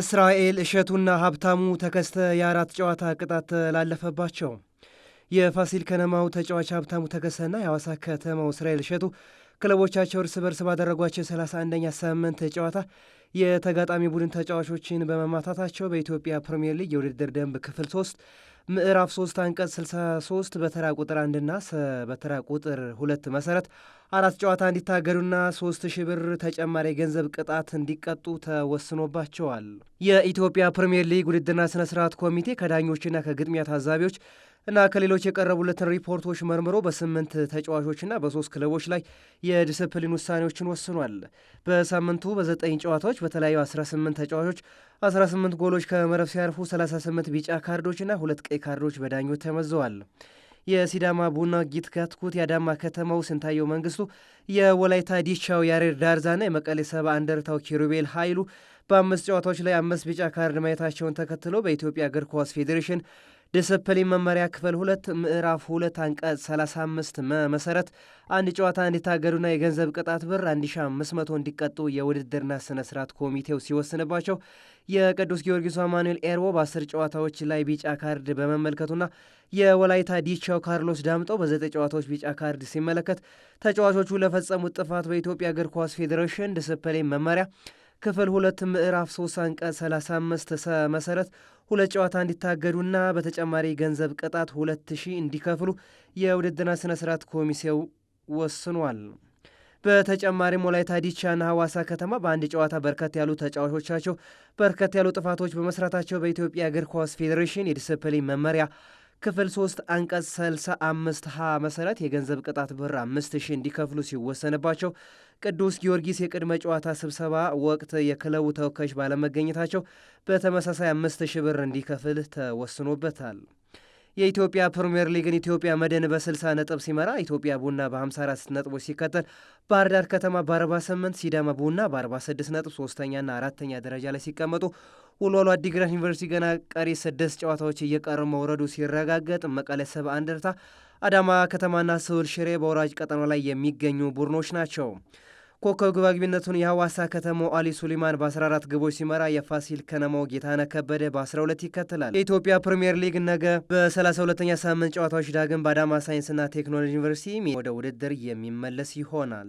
እስራኤል እሸቱና ሀብታሙ ተከስተ የአራት ጨዋታ ቅጣት ተላለፈባቸው። የፋሲል ከነማው ተጫዋች ሀብታሙ ተከስተና የሐዋሳ ከተማው እስራኤል እሸቱ ክለቦቻቸው እርስ በርስ ባደረጓቸው 31ኛ ሳምንት ጨዋታ የተጋጣሚ ቡድን ተጫዋቾችን በመማታታቸው በኢትዮጵያ ፕሪምየር ሊግ የውድድር ደንብ ክፍል ሶስት ምዕራፍ 3 አንቀጽ 63 በተራ ቁጥር አንድና በተራ ቁጥር ሁለት መሰረት አራት ጨዋታ እንዲታገዱና ሶስት ሺህ ብር ተጨማሪ የገንዘብ ቅጣት እንዲቀጡ ተወስኖባቸዋል። የኢትዮጵያ ፕሪምየር ሊግ ውድድርና ስነ ስርዓት ኮሚቴ ከዳኞችና ከግጥሚያ ታዛቢዎች እና ከሌሎች የቀረቡለትን ሪፖርቶች መርምሮ በስምንት ተጫዋቾችና በሶስት ክለቦች ላይ የዲስፕሊን ውሳኔዎችን ወስኗል። በሳምንቱ በዘጠኝ ጨዋታዎች በተለያዩ 18 ተጫዋቾች 18 ጎሎች ከመረብ ሲያርፉ 38 ቢጫ ካርዶችና ሁለት ቀይ ካርዶች በዳኞች ተመዘዋል። የሲዳማ ቡና ጊት ካትኩት የአዳማ ከተማው ስንታየው መንግስቱ፣ የወላይታ ዲቻው ዳርዛ ዳርዛና የመቀሌ ሰባ አንደርታው ኪሩቤል ኃይሉ በአምስት ጨዋታዎች ላይ አምስት ቢጫ ካርድ ማየታቸውን ተከትሎ በኢትዮጵያ እግር ኳስ ፌዴሬሽን ዲስፕሊን መመሪያ ክፍል ሁለት ምዕራፍ ሁለት አንቀጽ 35 መሰረት አንድ ጨዋታ እንዲታገዱና የገንዘብ ቅጣት ብር 1500 እንዲቀጡ የውድድርና ስነ ስርዓት ኮሚቴው ሲወስንባቸው የቅዱስ ጊዮርጊሱ አማኑኤል ኤርቦ በአስር ጨዋታዎች ላይ ቢጫ ካርድ በመመልከቱና የወላይታ ዲቻው ካርሎስ ዳምጠው በዘጠ ጨዋታዎች ቢጫ ካርድ ሲመለከት ተጫዋቾቹ ለፈጸሙት ጥፋት በኢትዮጵያ እግር ኳስ ፌዴሬሽን ዲስፕሊን መመሪያ ክፍል ሁለት ምዕራፍ 3 አንቀጽ 35 መሰረት ሁለት ጨዋታ እንዲታገዱና በተጨማሪ ገንዘብ ቅጣት 2000 እንዲከፍሉ የውድድርና ስነ ስርዓት ኮሚቴው ወስኗል። በተጨማሪም ወላይታ ዲቻና ሐዋሳ ከተማ በአንድ ጨዋታ በርከት ያሉ ተጫዋቾቻቸው በርከት ያሉ ጥፋቶች በመስራታቸው በኢትዮጵያ እግር ኳስ ፌዴሬሽን የዲስፕሊን መመሪያ ክፍል 3 አንቀጽ 35 ሀ መሰረት የገንዘብ ቅጣት ብር 5000 እንዲከፍሉ ሲወሰንባቸው ቅዱስ ጊዮርጊስ የቅድመ ጨዋታ ስብሰባ ወቅት የክለቡ ተወካዮች ባለመገኘታቸው በተመሳሳይ አምስት ሺህ ብር እንዲከፍል ተወስኖበታል። የኢትዮጵያ ፕሪምየር ሊግን ኢትዮጵያ መድን በ60 ነጥብ ሲመራ ኢትዮጵያ ቡና በ54 ነጥቦች ሲከተል ባህር ዳር ከተማ በ48 ሲዳማ ቡና በ46 ነጥብ ሶስተኛና አራተኛ ደረጃ ላይ ሲቀመጡ ወልዋሎ አዲግራት ዩኒቨርሲቲ ገና ቀሪ ስድስት ጨዋታዎች እየቀረ መውረዱ ሲረጋገጥ መቀለ ሰብ አንደርታ፣ አዳማ ከተማና ስሁል ሽሬ በወራጅ ቀጠና ላይ የሚገኙ ቡድኖች ናቸው። ኮከብ ግብ አግቢነቱን የሐዋሳ ከተማው አሊ ሱሊማን በ14 ግቦች ሲመራ የፋሲል ከነማው ጌታነ ከበደ በ12 ይከተላል። የኢትዮጵያ ፕሪምየር ሊግ ነገ በ32ኛ ሳምንት ጨዋታዎች ዳግም በአዳማ ሳይንስና ቴክኖሎጂ ዩኒቨርሲቲ ወደ ውድድር የሚመለስ ይሆናል።